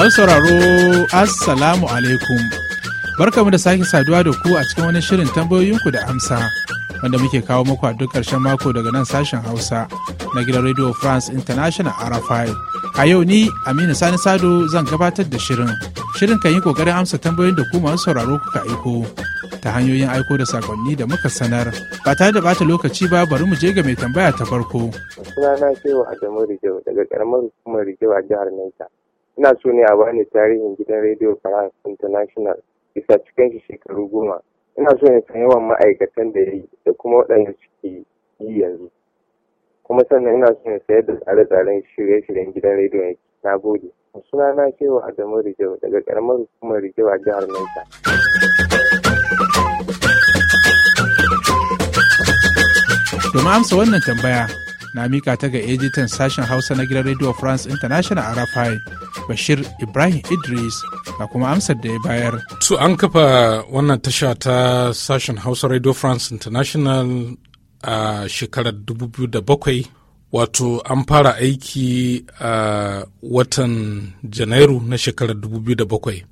Masu sauraro, Assalamu alaikum. Barka Barkamu da sake saduwa da ku a cikin wani shirin tambayoyinku da amsa wanda muke kawo muku a duk ƙarshen mako daga nan sashen Hausa na gidan Radio France International RFI. A yau ni Aminu Sani Sado zan gabatar da shirin. Shirin kan yi ƙoƙarin amsa tambayoyin da ku masu sauraro kuka aiko ta hanyoyin aiko da sakonni da muka sanar. Ba tare da bata lokaci ba bari mu je ga mai tambaya ta farko. Sunana Shehu Adamu Rijo daga ƙaramar hukumar Rijo a jihar Niger. ina so ne a bani tarihin gidan radio france international bisa cikin shi shekaru goma ina so ne san yawan ma'aikatan da ya yi da kuma waɗanda suke yi yanzu kuma sannan ina so ne sayar da tsare-tsaren shirye-shiryen gidan rediyo yake na gode suna na cewa adamu rijau daga karamar hukumar rijau a jihar nesa Domin amsa wannan tambaya na mika ta ga editan sashen hausa na gidan radio france international a rafai bashir ibrahim idris ga kuma amsar da ya bayar to an kafa wannan tasha ta sashen hausa radio france international a shekarar 2007 wato an fara aiki a watan janairu na shekarar 2007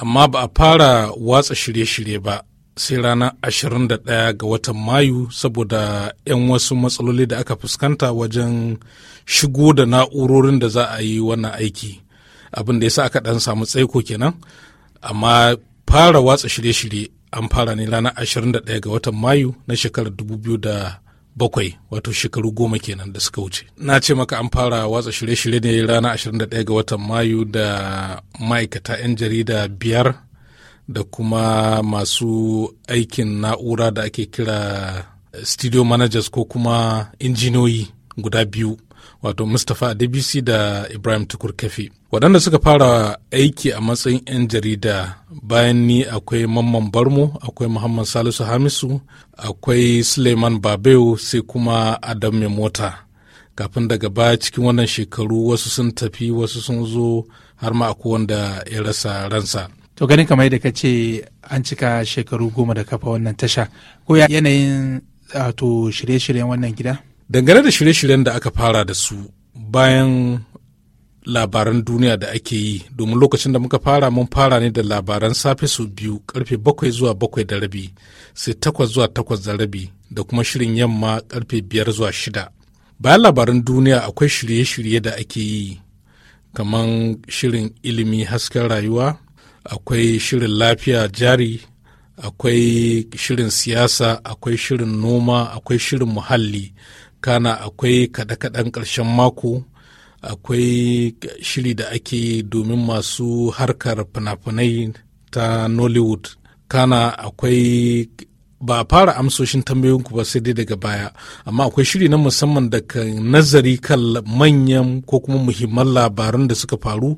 amma ba a fara watsa shirye-shirye ba sai ranar 21 ga watan mayu saboda 'yan wasu matsaloli da aka fuskanta wajen shigo da na'urorin da za a yi wannan aiki abin da ya sa aka ɗan samu tsaiko kenan amma fara watsa shirye-shirye an fara ne ranar 21 ga watan mayu na shekarar 2000 bakwai wato shekaru goma kenan da suka wuce na ce maka an fara watsa shirye-shirye ne ranar 21 ga watan mayu da ma'aikata 'yan jarida biyar da kuma masu aikin na'ura da ake kira studio managers ko kuma injiniyoyi guda biyu wato mustapha adbc da ibrahim tukur kafi waɗanda suka fara aiki a matsayin 'yan jarida bayan ni akwai mamman barmo akwai muhammad salisu hamisu akwai suleiman babeu sai kuma adam mai mota kafin daga baya cikin wannan shekaru wasu sun tafi wasu sun zo har ma a wanda ya rasa ransa to ganin kamar yadda ka ce an cika shekaru goma da kafa wannan tasha ko yanayin to shirye-shiryen wannan gida dangane da shirye-shiryen da aka fara da su bayan labaran duniya da ake yi domin lokacin da muka fara mun fara ne da labaran safe su biyu karfe bakwai zuwa bakwai da rabi sai takwas zuwa takwas da rabi da kuma shirin yamma karfe biyar zuwa shida bayan labaran duniya akwai shirye-shirye da ake yi kamar shirin ilimi hasken rayuwa akwai shirin lafiya jari akwai shirin siyasa akwai shirin noma akwai shirin muhalli kana akwai kaɗe-kaɗen ƙarshen mako akwai shiri da ake domin masu harkar fina-finai ta nollywood kana akwai ba a fara amsoshin tambayoyinku ba sai dai daga baya amma akwai shiri na musamman da kan nazari kan manyan ko kuma muhimman labaran da suka faru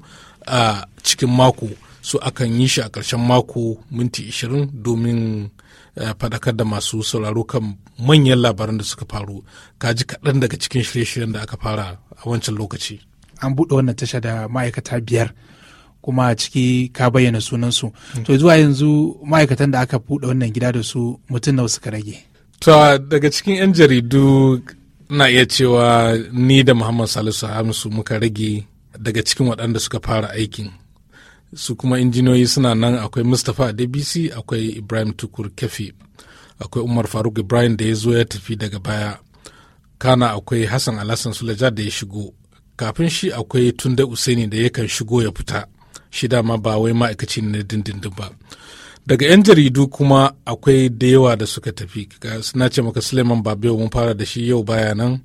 a cikin mako su akan yi shi a ƙarshen mako minti 20 domin eh, faɗakar da masu sauraro kan manyan labaran da suka faru ka ji kaɗan daga cikin shirye-shiryen da aka fara a wancan lokaci an buɗe wannan tasha da ma'aikata biyar kuma a ciki ka bayyana sunansu mm. to zuwa yanzu ma'aikatan da aka buɗe wannan gida da su mutum nawa suka rage to daga cikin 'yan jaridu na iya cewa ni da muhammad salisu hamisu muka rage daga cikin waɗanda suka fara aikin su kuma injiniyoyi suna nan akwai mustapha dbc akwai ibrahim tukur kefi akwai umar faruk ibrahim da ya zo ya tafi daga baya kana akwai hassan alhassan sulaja da ya shigo kafin shi akwai tunda usaini da yakan shigo ya fita shi dama ba wai ma'aikaci ne dindindin ba daga 'yan jaridu kuma akwai da yawa da suka tafi suna ce maka suleiman babewa mun fara da shi yau baya nan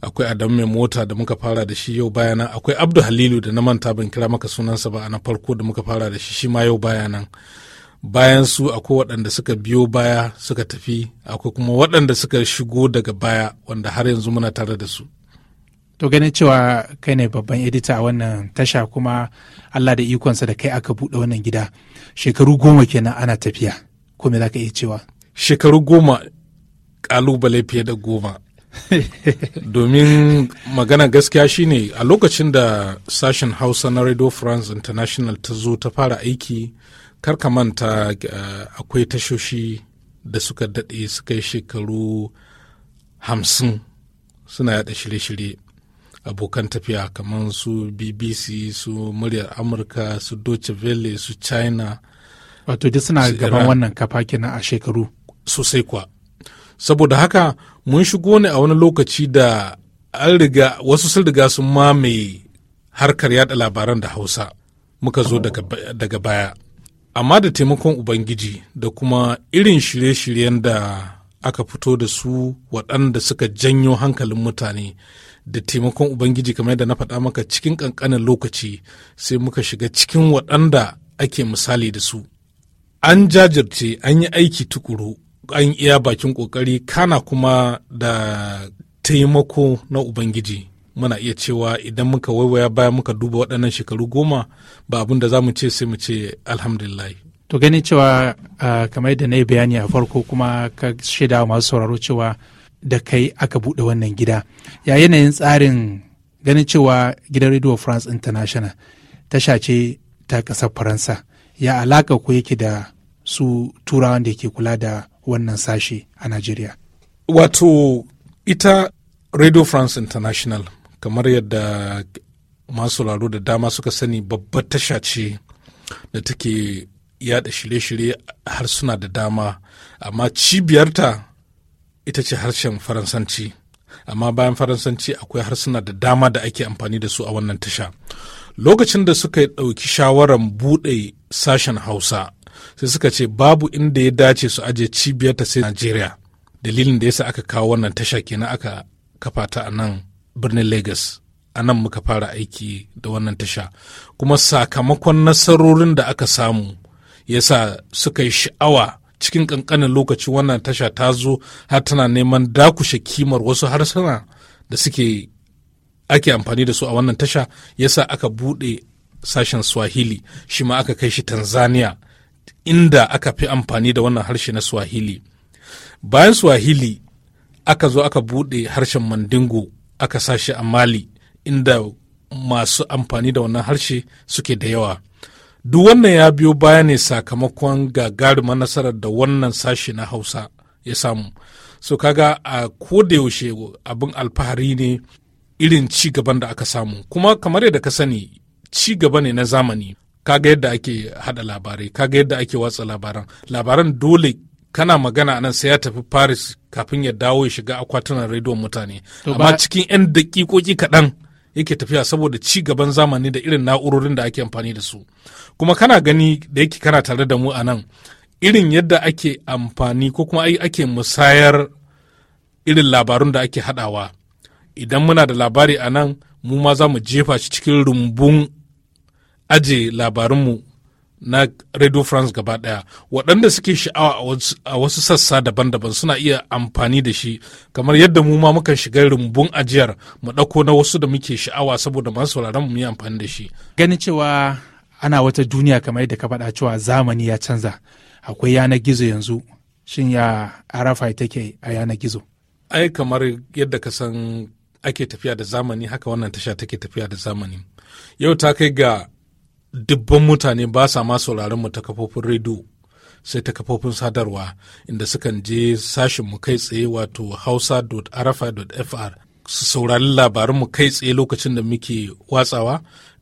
akwai adamu mai mota da muka fara da shi yau nan akwai abdu halilu da na manta ban kira maka sunansa ba a na farko da muka fara da shi shi ma yau nan bayan su akwai waɗanda suka biyo baya suka tafi akwai kuma waɗanda suka shigo daga baya wanda har yanzu muna tare da su to ganin cewa kai ne babban edita a wannan tasha kuma allah da ikonsa da kai aka buɗe wannan gida shekaru goma kenan ana tafiya ko me za ka iya cewa shekaru goma kalubale fiye da goma domin magana gaskiya shine a lokacin da sashen hausa na radio france international ta zo ta fara aiki karka manta uh, akwai tashoshi da suka daɗe suka yi shekaru hamsin suna yada shirye-shirye abokan tafiya kamar su bbc su muryar amurka su deutsche welle su china wato duk suna gaban wannan kafa kenan a shekaru sosai kuwa saboda haka mun shigo ne a wani lokaci da an riga wasu sun riga sun mamaye harkar yada labaran da hausa muka zo daga baya amma da taimakon ubangiji da kuma irin shirye-shiryen da aka fito da su waɗanda suka janyo hankalin mutane da taimakon ubangiji kamar yadda na faɗa maka cikin ƙanƙanin lokaci sai muka shiga cikin waɗanda ake misali da su an jajirce an yi aiki tukuru an iya bakin kokari kana kuma da taimako na ubangiji muna iya cewa idan muka waiwaya bayan muka duba waɗannan shekaru goma ba abin da za mu ce sai mu ce alhamdulillah to gani cewa kamar da na yi bayani a farko kuma ka shaida masu sauraro cewa da kai aka buɗe wannan gida ya yanayin tsarin ganin cewa gidan radio france international tasha ce ta ƙasar faransa ya alaka ko yake da su turawan da ke kula da wannan sashe a najeriya wato ita radio france international kamar yadda masu sauraro da dama suka sani babbar tasha ce da take yada shirye-shirye harsuna da dama amma cibiyarta ita ce harshen faransanci amma bayan faransanci akwai harsuna da dama da ake amfani da su a wannan tasha lokacin da suka ɗauki shawarar buɗe sashen hausa sai suka ce babu inda ya dace su aje cibiyarta sai najeriya dalilin da yasa aka kawo wannan tasha kenan aka kafa ta a nan birnin lagos a nan muka fara aiki da wannan tasha kuma sakamakon nasarorin da aka samu yasa suka yi sha'awa cikin kankanin lokaci wannan tasha ta zo har tana neman dakushe kimar wasu harsuna da suke ake amfani da su a wannan tasha yasa aka buɗe sashen swahili shi ma aka kai shi tanzania inda aka fi amfani da wannan harshe na swahili bayan swahili aka zo aka bude harshen mandingo aka sashi a mali inda masu amfani da wannan harshe suke da yawa duk wannan ya biyo baya ne sakamakon gagarumar nasarar da wannan sashi na hausa ya samu so kaga a kodayaushe abin alfahari ne irin ci gaban da aka samu kuma kamar yadda ka sani ci gaba ne na zamani kaga yadda ake hada labarai kaga yadda ake watsa labaran labaran dole kana magana nan sai ya tafi paris kafin ya dawo ya shiga akwatunan rediyon mutane amma cikin 'yan dakikoki kaɗan yake tafiya saboda ci gaban zamani da irin na'urorin da ake amfani da su kuma kana gani da yake kana tare da mu a nan irin yadda ake amfani ko kuma ake musayar irin labarun da ake hadawa idan muna da labari a nan mu ma za mu jefa shi cikin rumbun aje labarinmu na radio france gaba daya waɗanda suke sha'awa a wasu sassa daban-daban suna iya amfani da shi kamar yadda mu ma muka shiga rumbun ajiyar mu ɗauko na wasu da muke sha'awa saboda masu sauraron mu yi amfani da shi ganin cewa ana wata duniya kamar yadda ka faɗa cewa zamani ya canza akwai yanar gizo yanzu shin ya arafa take a yanar gizo ai kamar yadda ka san ake tafiya da zamani haka wannan tasha take tafiya da zamani yau ta kai ga dubban mutane ba sa ma sauraron mu ta kafofin rediyo sai ta kafofin sadarwa inda sukan je sashen mu kai tsaye wato hausa.arafa.fr su saurari labarin mu kai tsaye lokacin da muke watsawa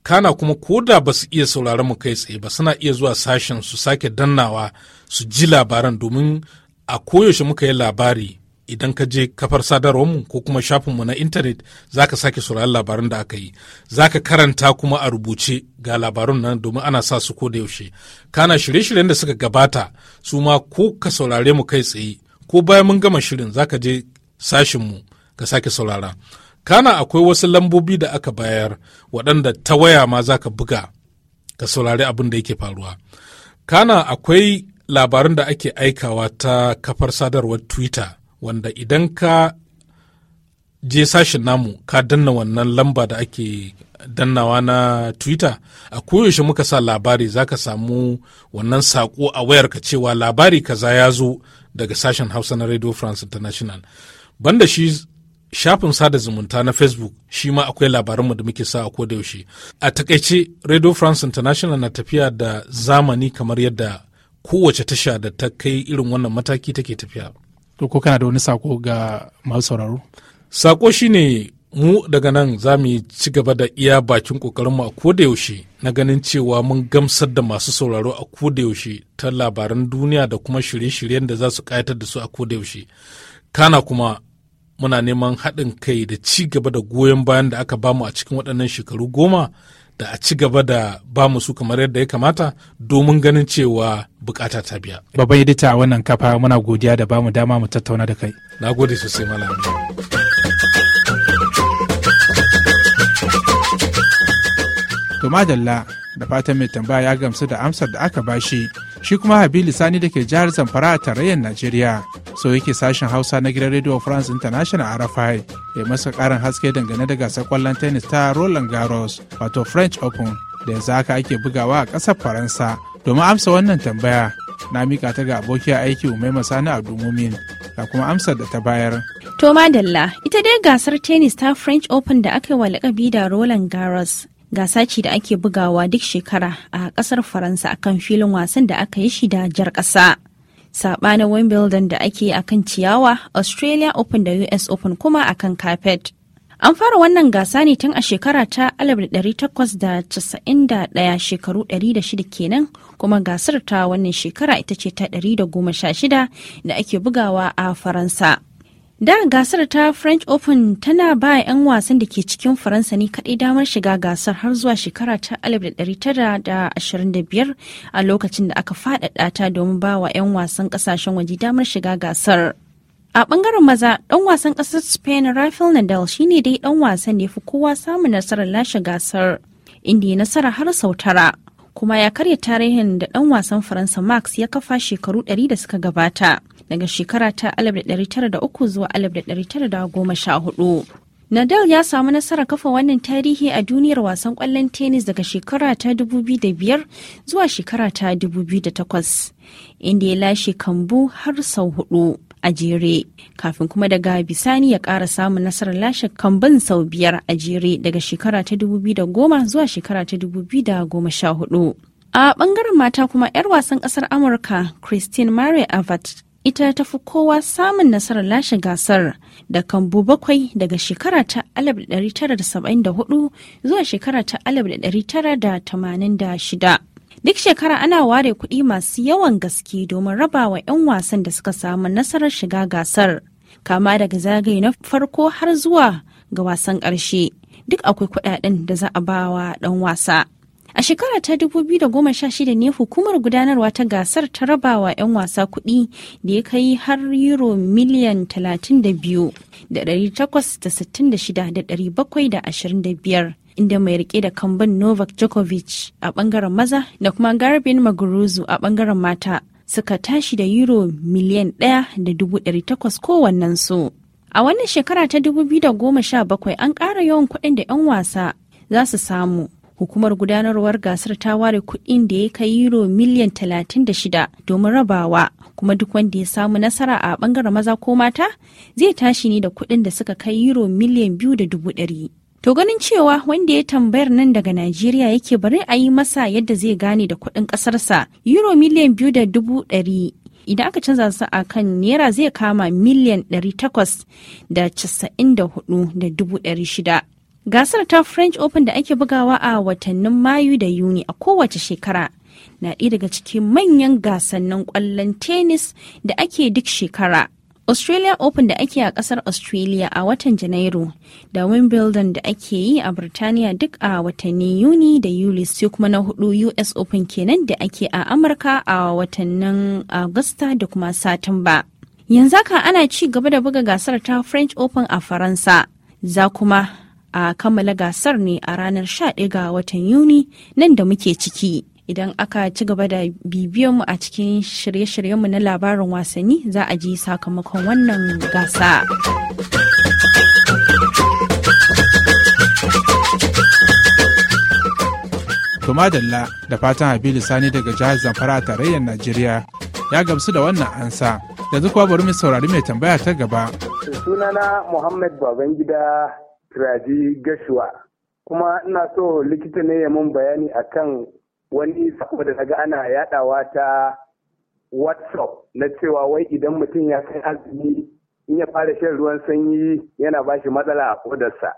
kana kuma ko da ba su iya sauraron mu kai tsaye ba suna iya zuwa sashen su sake dannawa su ji labaran domin a koyaushe muka yi labari idan ka je kafar sadarwar mu ko kuma shafinmu na intanet za ka sake sauraron labaran da aka yi za ka karanta kuma a rubuce ga labarun nan domin ana sa su ko da yaushe kana shirye-shiryen da suka gabata su ma ko ka saurare mu kai tsaye ko bayan mun gama shirin za ka je sashinmu ka sake saurara kana akwai wasu lambobi da aka bayar waɗanda ta waya ma za ka buga ka saurari abin da yake faruwa kana akwai labarin da ake aikawa ta kafar sadarwar twitter wanda idan ka je sashen namu ka danna wannan lamba da ake dannawa na twitter a koyaushe muka sa labari za ka samu wannan saƙo a wayarka cewa labari kaza ya zo daga sashen hausa na radio france international banda shi shafin sada zumunta na facebook shi ma akwai labaranmu da muke sa a yaushe a takaice radio france international na tafiya da zamani kamar yadda kowace tasha da ta kai irin wannan mataki take tafiya to ko kana da wani sako ga masu sauraro sako shine mu daga nan za mu ci gaba da iya bakin kokarinmu a kodayaushe na ganin cewa mun gamsar da masu sauraro a kodayaushe ta labaran duniya da kuma shirye-shiryen da za su kayatar da su a kodayaushe kana kuma muna neman haɗin kai da ci gaba da goyon bayan da aka bamu a cikin waɗannan shekaru goma da a ci gaba da ba mu su kamar yadda ya kamata domin ganin cewa bukata ta biya. Babban edita a wannan kafa muna godiya da ba mu dama mu tattauna da kai. Na gode sosai malam. To madalla da fatan mai tambaya ya gamsu da amsar da aka bashi shi kuma Habilu Sani da ke jihar Zamfara a tarayyar Najeriya. so yake sashen hausa na gidan radio france international da ya masa karin haske dangane da gasar kwallon tennis ta roland garros wato french open da yanzu haka ake bugawa a ƙasar faransa domin amsa wannan tambaya na mika ta ga a aiki umaima a dumumin da kuma amsar da ta bayar to madalla ita dai gasar tennis ta french open da aka yi wa lakabi da roland garros gasa ce da ake bugawa duk shekara a kasar faransa akan filin wasan da aka yi shi da jar ƙasa sabanin wimbledon da ake a kan ciyawa australia open da us open kuma a kan carpet An fara wannan gasa ne tun a shekara ta 1891 shekaru 106 kenan kuma gasar ta wannan shekara ita ce ta 116 da ake bugawa a Faransa. Da gasar ta French Open tana ba 'yan wasan da ke cikin Faransa ne kaɗai damar shiga gasar har zuwa shekara ta 1925 a lokacin da aka faɗaɗa ta domin ba wa 'yan wasan ƙasashen waje damar shiga gasar. A ɓangaren maza, ɗan wasan ƙasar Spain Rafael Nadal shi ne dai ɗan wasan da ya fi kowa samun nasarar lashe gasar, inda ya nasara har sau tara. Kuma ya karya tarihin da ɗan wasan Faransa Max ya kafa shekaru 100 da suka gabata. daga shekara ta 1903 zuwa 1914. Nadal ya samu nasarar kafa wannan tarihi a duniyar wasan kwallon tennis daga shekara ta 2005 zuwa shekara ta 2008, inda ya lashe kambu har sau hudu. a jere kafin kuma daga bisani ya kara samun nasarar lashe kambun sau biyar a jere daga shekara ta 2010 zuwa shekara ta 2014 a bangaren mata kuma 'yar wasan ƙasar amurka christine marie avat ita ta fi kowa samun nasarar lashe gasar da kambu bakwai daga shekara ta 1974 zuwa shekara ta 1986. Duk shekara ana ware kuɗi masu yawan gaske domin raba wa 'yan wasan da suka samu nasarar shiga gasar, kama daga zagaye na farko har zuwa ga wasan ƙarshe. Duk akwai kuɗaɗen da za a ba wa ɗan wasa. A shekara ta 2016 ne hukumar gudanarwa ta gasar ta rabawa 'yan wasa kuɗi da ya kai har euro miliyan 32,866,725 inda mai rike da kamban Novak Djokovic a bangaren maza da kuma Garbin Maguruzu a bangaren mata suka tashi da euro miliyan 1,800 su A wannan shekara ta 2017 an ƙara yawan kuɗin da 'yan wasa za su samu hukumar gudanarwar gasar ta ware kuɗin da ya kai euro miliyan 36 domin rabawa kuma duk wanda ya samu nasara a bangaren maza ko mata zai tashi ne da kuɗin da suka kai euro miliyan 2.100 to ganin cewa wanda ya tambayar nan daga najeriya yake bari a yi masa yadda zai gane da kuɗin ƙasarsa euro miliyan 2.100 idan aka canza su a kan naira zai kama miliyan da dubu shida. Gasar ta French Open da ake bugawa a watannin Mayu da Yuni a kowace shekara na ɗaya daga cikin manyan gasannin kwallon tennis da ake duk shekara. Australia Open da ake a ƙasar Australia a watan Janairu da Wimbledon da ake yi a Birtaniya duk a watannin Yuni da Yuli sai kuma na hudu US Open kenan da ake a Amurka a watannin Agusta da kuma Satumba. Yanzu haka ana ci gaba da buga gasar ta French Open a Faransa. Za kuma a kammala gasar ne a ranar 11 ga watan yuni nan da muke ciki idan aka ci gaba da bibiyonmu a cikin shirye-shiryenmu na labarin wasanni za a ji sakamakon wannan gasa. Tumadalla da fatan Habibu Sani daga jihar Zamfara a tarayyar Najeriya ya gamsu da wannan ansa. Yanzu kuwa bari mu saurari mai tambaya ta gaba. Sunana Muhammad Babangida Tiraji Gashua. Kuma ina so likita ne ya mun bayani akan wani sako da daga ana yadawa ta WhatsApp na cewa wai idan mutum ya kai azumi in ya fara shan ruwan sanyi yana ba shi matsala a kodarsa.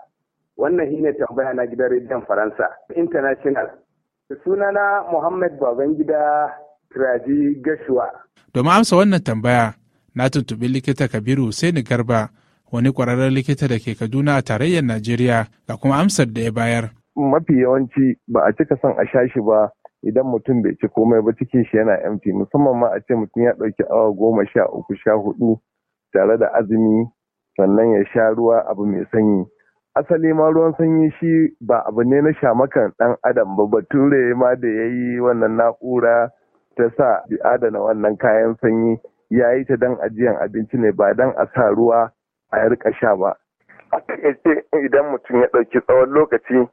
Wannan shi ne tambaya na gidan rediyon Faransa International. na Muhammad Babangida Tiraji Gashua. Domin amsa wannan tambaya, na tuntuɓi likita Kabiru sai ni Garba wani kwararren likita da ke Kaduna a tarayyar Najeriya ga kuma amsar da ya bayar. Mafi yawanci ba a cika son a sha shi ba idan mutum bai ci komai ba cikin shi yana empty musamman ma a ce mutum ya ɗauki awa goma sha uku sha hudu tare da azumi sannan ya sha ruwa abu mai sanyi. Asali ma ruwan sanyi shi ba abu ne na shamakan ɗan adam ba bature ma da ya yi wannan na'ura ta sa adana wannan kayan sanyi ya yi ta don ajiyan abinci ne ba don a sa ruwa a rika sha ba a takaice idan mutum ya ɗauki tsawon lokaci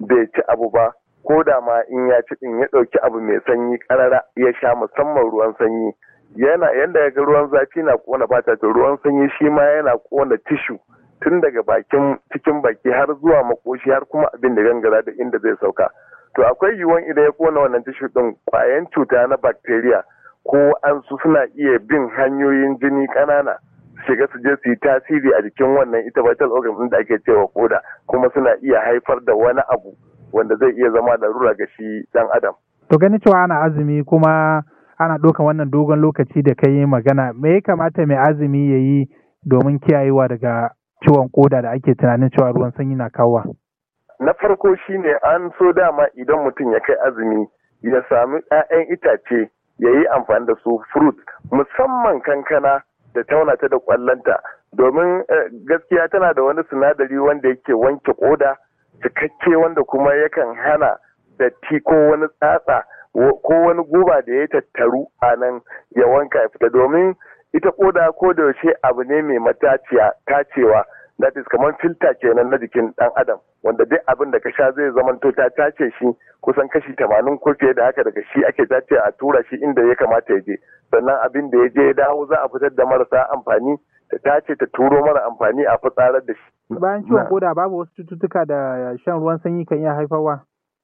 bai ci abu ba ko da ma in ya ci ɗin ya ɗauki abu mai sanyi karara ya sha musamman ruwan sanyi yana yanda ga ruwan zafi na kona fata to ruwan sanyi shi ma yana kona tishu tun daga bakin cikin baki har zuwa makoshi har kuma abin da gangara da inda zai sauka to akwai yiwuwan idan ya kona wannan tishu ɗin kwayan cuta na bacteria ko an su suna iya bin hanyoyin jini ƙanana shiga su je su yi tasiri a jikin wannan ita vital organ da ake cewa koda kuma suna iya haifar da wani abu wanda zai iya zama da rura ga shi dan adam to gani cewa ana azumi kuma ana ɗaukan wannan dogon lokaci da ka yi magana me ya kamata mai azumi ya yi domin kiyayewa daga ciwon koda da ake tunanin cewa ruwan sanyi na kawowa na farko shine an so dama idan mutum ya kai azumi ya sami 'ya'yan itace ya yi amfani da su fruit musamman kankana da taunata da kwallonta domin eh, gaskiya tana da wani sinadari wanda yake wanke koda cikakke wanda kuma yakan hana datti ko wani tsatsa ko wani guba da ya tattaru a nan ya wanka ya fita domin ita koda ko da yaushe abu ne mai mataciya tacewa that is kamar filta kenan na jikin dan adam wanda duk abin da ka sha zai zamanto ta tace shi kusan kashi tamanin ko fiye da haka daga shi ake tace a tura shi inda ya kamata ya je sannan abin da ya je ya dawo za a fitar da marasa amfani ta tace ta turo mara amfani a fitsarar da shi bayan ciwon koda babu wasu cututtuka da shan ruwan sanyi kan iya haifarwa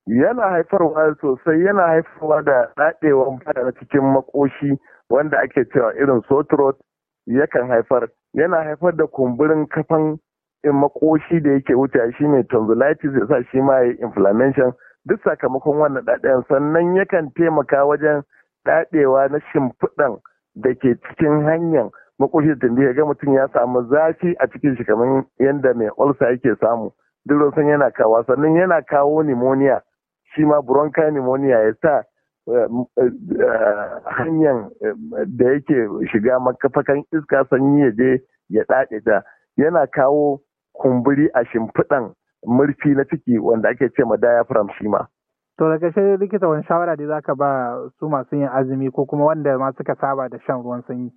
yana haifarwa sosai yana haifarwa da daɗewar fata na cikin makoshi wanda ake cewa irin sotrot yakan haifar yana haifar da kumburin kafan in makoshi da yake wuce shi ne tonsillitis ya sa shi ma ya inflammation duk sakamakon wannan ɗaɗayan sannan yakan taimaka wajen ɗaɗewa na shimfiɗan da ke cikin hanyar makoshi da tambi ga mutum ya samu zafi a cikin shi kamar yadda mai ulcer yake samu duk sun yana kawo sannan yana kawo pneumonia shi ma bronchial pneumonia ya sa eh, eh, eh, hanyar da yake shiga makafakan iska sanyi ya je ya ɗaɗe ta yana kawo kumburi a shimfiɗan murfi na ciki wanda ake ce ma diaphragm shi ma. To da ƙarshe likita wani shawara za zaka ba su masu yin azumi ko kuma wanda ma suka saba da shan ruwan sanyi?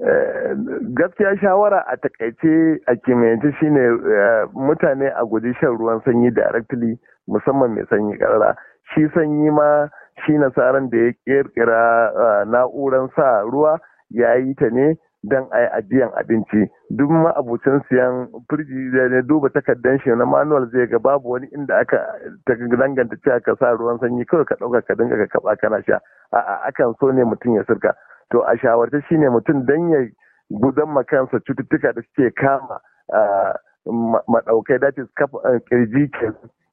Eh, gaskiya shawara a takaice a kimiyyance shine eh, mutane a guji shan ruwan sanyi directly musamman mai sanyi karara. Shi sanyi ma shi nasaran da ya ƙirƙira eh, na'uran sa ruwa ya yi ta ne don a yi ajiyan abinci duk ma'abucin siyan firji da duba takardar shi na manual zai ga babu wani inda aka danganta cewa ka sa ruwan sanyi kawai ka ɗauka ka dinga ka kaba kana sha a'a akan so ne mutum ya sirka to a shawarce ne mutum dan ya gudan makansa cututtuka da suke kama ah, madaukai dace kirji eh, ke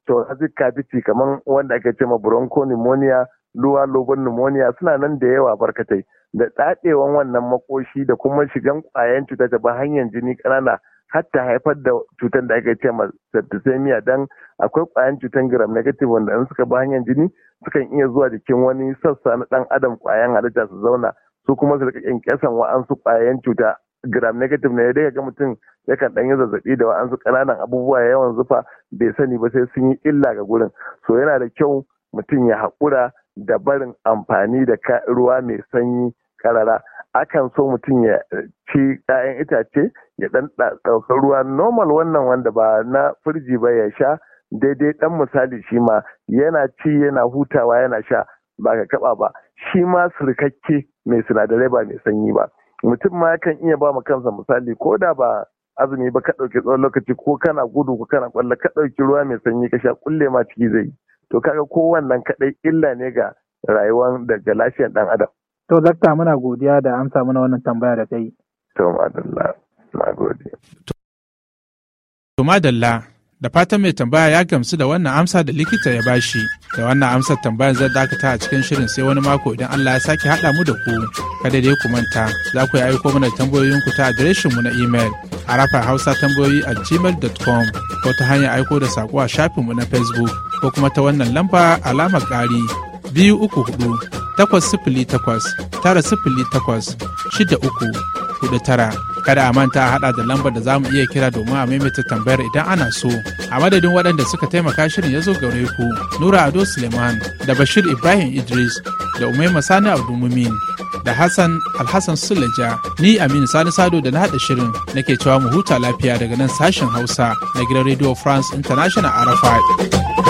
to kafici kamar wanda ake ce ma bronchopneumonia pneumonia ruwa lobon pneumonia suna nan da yawa barkatai da tsadewan wannan makoshi da kuma shigan kwayan cuta ta ba hanyar jini kanana hatta haifar da cutar da aka ce septicemia dan akwai kwayan cutar gram negative wanda in suka ba hanyar jini sukan iya zuwa jikin wani sassa na dan adam kwayan halitta su zauna su kuma su rika kyankyasan wa'ansu kwayan cuta gram negative ne dai ga mutum ya kan dan yi zazzabi da wa'ansu kananan abubuwa yawan zufa bai sani ba sai sun yi illa ga gurin so yana da kyau mutum ya haƙura da barin amfani da ruwa mai sanyi karara akan so mutum ya eh, ci 'ya'yan itace ya ɗan ɗauka ruwa normal wannan wanda ba na firji ba ya sha daidai ɗan misali shi ma yana ci yana hutawa yana sha ba ka kaba ba shi ma surkakke mai sinadarai ba mai sanyi ba mutum ma kan iya ba ma kansa misali ko da ba azumi ba ka ɗauki tsawon lokaci ko kana gudu ko kana ƙwallo, ka ɗauki ruwa mai sanyi ka sha kulle ma ciki zai yi. to kaga ko kadai illa ne ga rayuwar ga lafiyar dan adam to dakta muna godiya da amsa na wannan tambaya da kai to madalla na gode to madalla da fatan mai tambaya ya gamsu da wannan amsa da likita ya bashi da wannan amsar tambayar zai dakata a cikin shirin sai wani mako idan Allah ya sake haɗa mu da ku kada da ya kumanta, za ku aiko mana tambayoyin ku ta adireshin mu na imel a hausa tambayoyi a gmail.com ko ta hanyar aiko da saƙo a shafinmu na facebook ko kuma ta wannan lamba alamar ƙari biyu uku hudu takwas sifili takwas tara sifili takwas shida uku hudu tara kada a manta a hada da lambar da za mu iya kira domin a maimaita tambayar idan ana so a madadin waɗanda suka taimaka shirin ya zo gare ku nura ado suleiman da bashir ibrahim idris da umaima sani abdulmumin da hassan alhassan sulaja ni aminu sani sado da na haɗa shirin nake cewa mu huta lafiya daga nan sashen hausa na gidan radio france international arafat